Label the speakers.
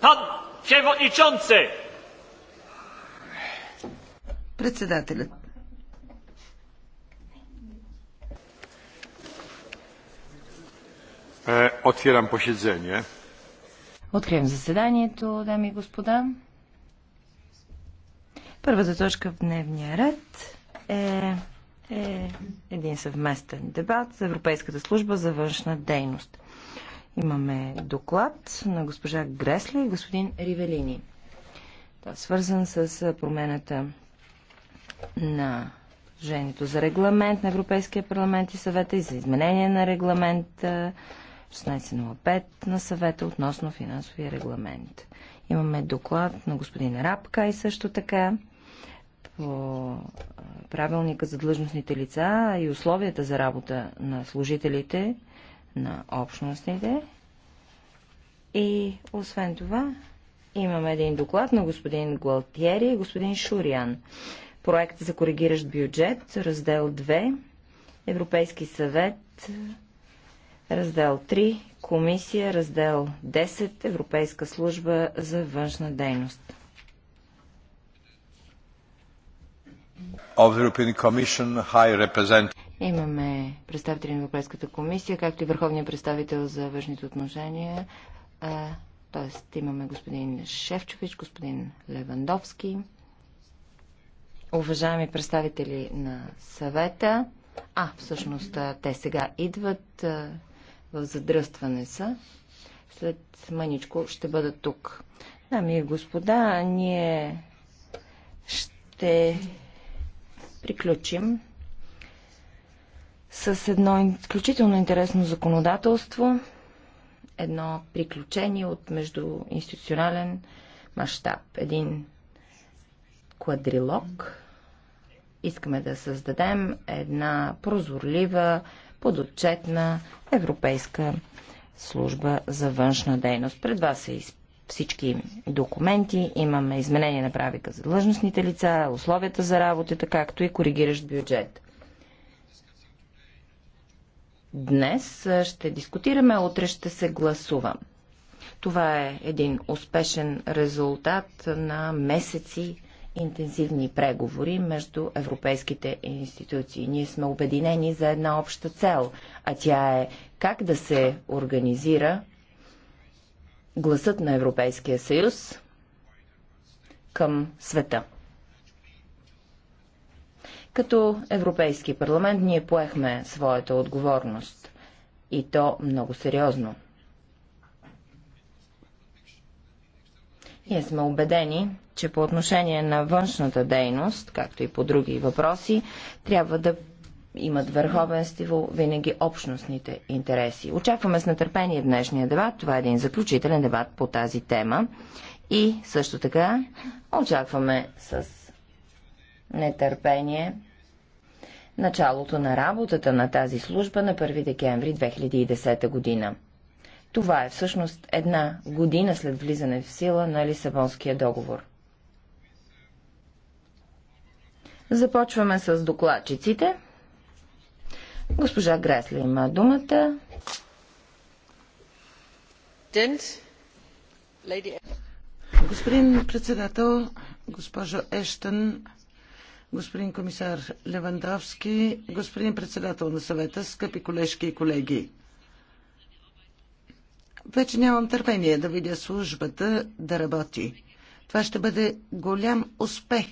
Speaker 1: Pan przewodniczący! Председателят. Е, отвирам посещение. Откривам заседанието, дами и господа. Първата точка в дневния ред е, е един съвместен дебат за Европейската служба за външна дейност. Имаме доклад на госпожа Гресле и господин Ривелини. Той е свързан с промената на жението за регламент на Европейския парламент и съвета и за изменение на регламент 1605 на съвета относно финансовия регламент. Имаме доклад на господин Рапка и също така по правилника за длъжностните лица и условията за работа на служителите на общностните. И освен това, имаме един доклад на господин Гуалтиери и господин Шуриан. Проект за коригиращ бюджет, раздел 2, Европейски съвет, раздел 3, комисия, раздел 10, Европейска служба за външна дейност. Of the European Commission High Representative. Имаме представители на Европейската комисия, както и върховния представител за външните отношения. Тоест имаме господин Шевчович, господин Левандовски, уважаеми представители на съвета. А, всъщност те сега идват, в задръстване са. След мъничко ще бъдат тук. Дами и господа, ние ще приключим с едно изключително интересно законодателство, едно приключение от междуинституционален мащаб, един квадрилог. Искаме да създадем една прозорлива, подотчетна европейска служба за външна дейност. Пред вас са е всички документи, имаме изменение на правика за длъжностните лица, условията за работата, както и коригиращ бюджет. Днес ще дискутираме, утре ще се гласува. Това е един успешен резултат на месеци интензивни преговори между европейските институции. Ние сме обединени за една обща цел, а тя е как да се организира гласът на Европейския съюз към света. Като Европейски парламент ние поехме своята отговорност. И то много сериозно. Ние сме убедени, че по отношение на външната дейност, както и по други въпроси, трябва да имат върховенство винаги общностните интереси. Очакваме с нетърпение днешния дебат. Това е един заключителен дебат по тази тема. И също така очакваме с нетърпение началото на работата на тази служба на 1 декември 2010 година. Това е всъщност една година след влизане в сила на Лисабонския договор. Започваме с докладчиците. Госпожа Гресли има думата. Господин председател, госпожо Ештън, господин комисар Левандовски, господин председател на съвета, скъпи колежки и колеги. Вече нямам търпение да видя службата да работи. Това ще бъде голям успех